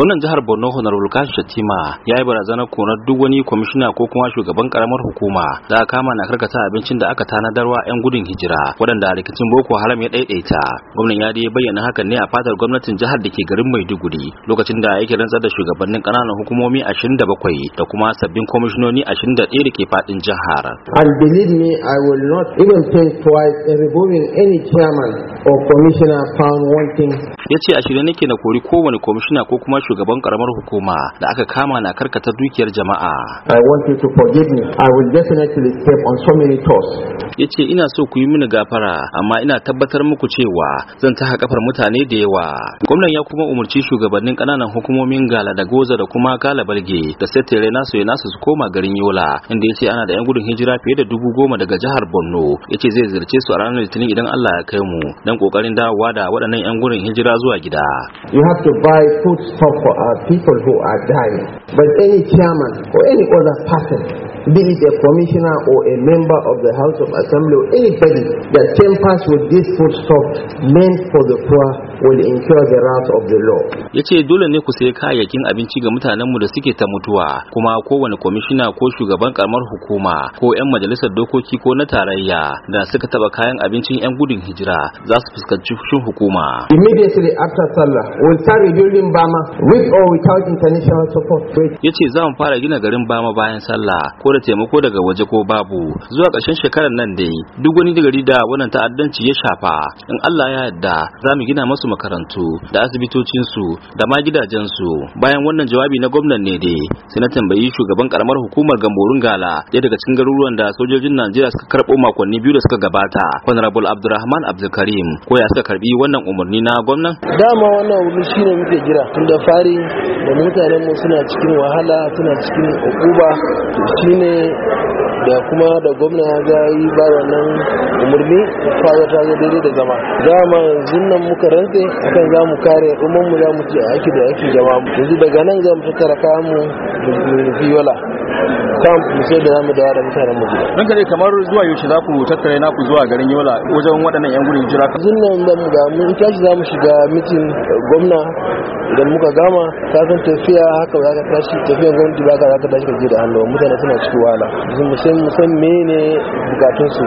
gwamnan jihar borno honorable kashi shatima ya yi barazanar konar duk wani kwamishina ko kuma shugaban karamar hukuma da aka kama na karkata abincin da aka tanadarwa yan gudun hijira waɗanda rikicin boko haram ya ɗaiɗaita gwamnan ya dai bayyana hakan ne a fatar gwamnatin jihar da ke garin maiduguri lokacin da yake rantsar da shugabannin ƙananan hukumomi ashirin da bakwai da kuma sabbin kwamishinoni ashirin da ɗaya da ke faɗin jihar. and believe me i will not even think twice in removing any chairman or commissioner found wanting. ya ce a shirye nake na kori kowane komishina ko kuma shugaban karamar hukuma da aka kama na karkata dukiyar jama'a. I want you to forgive me. I will definitely step on so many toes. ya ce ina so ku yi mini gafara amma ina tabbatar muku cewa zan taha kafar mutane da yawa gwamnan ya kuma umarci shugabannin kananan hukumomin gala da goza da kuma kala balge da setere nasu ya nasu su koma garin yola inda ya ce ana da yan gudun hijira fiye da dubu goma daga jihar borno ya ce zai zirce su a ranar litinin idan allah ya kai mu don kokarin dawowa da waɗannan yan gudun hijira zuwa gida you have to buy food stock for our people who are dying but any chairman or any other person be it a commissioner or a member of the House of Assembly or anybody that tempers with this foodstuff meant for the poor will incur the wrath of the law. Ya dole ne ku sayi kayayyakin abinci ga mutanenmu da suke ta mutuwa kuma kowane kwamishina ko shugaban karamar hukuma ko 'yan majalisar dokoki ko na tarayya da suka taba kayan abincin 'yan gudun hijira za su fuskanci shin hukuma. Immediately after Sallah we'll start rebuilding Bama with or without international support. Ya ce za mu fara gina garin Bama bayan Sallah ko da taimako daga waje ko babu zuwa ƙarshen shekarar nan dai duk wani gari da wannan ta'addanci ya shafa in Allah ya yarda za mu gina masu makarantu da asibitocinsu da ma gidajensu bayan wannan jawabi na gwamnan ne dai sai na tambayi shugaban karamar hukumar gamborun gala ɗaya daga cikin garuruwan da sojojin najeriya suka karɓo makonni biyu da suka gabata honorable abdulrahman abdulkarim ko ya suka karɓi wannan umarni na gwamnan dama wannan wuri shine muke jira tun da fari da mutanen mu suna cikin wahala suna cikin ukuba shine da kuma da gwamna ya ga yi ba wannan umarni fara ta zo daidai da zama dama yanzu nan muka rantse dutse akan za mu kare umarmu za mu ce a aiki da aikin jama'a yanzu daga nan za mu tattara kayan mu nufi wala camp mu sai da zamu dawo da mutanen mu gida Nan dai kamar zuwa yaushe za ku tattare na ku zuwa garin yola wajen waɗannan yan gudun jira yanzu nan za mu ga mun tashi za mu shiga mitin eh, gwamna idan muka gama san tafiya haka za ka tashi tafiyan gwamnati ba ka za ka tashi ka je da hannu mutane suna cikin wahala mu san mene bukatunsu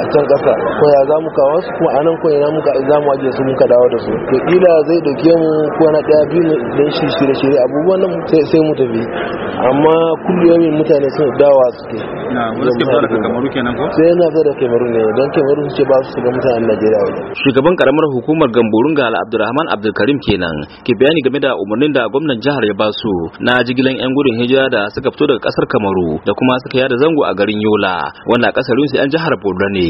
a can ƙasa ko ya za mu kawo su kuma anan ko ina muka za mu ajiye su muka dawo da su to kila zai dauke mu ko na ɗaya biyu ne dan shi shirye shirye abubuwan nan sai mu tafi amma kullum mutane sun dawa suke fara ko. sai yana zai da kamaru ne don kamaru su ce ba su ga mutanen najeriya wajen shugaban karamar hukumar gamborun ga abdulrahman abdulkarim kenan ke bayani game da umarnin da gwamnan jihar ya basu na jigilan yan gudun hijira da suka fito daga kasar kamaru da kuma suka yada zango a garin yola wanda kasarin su yan jihar borno ne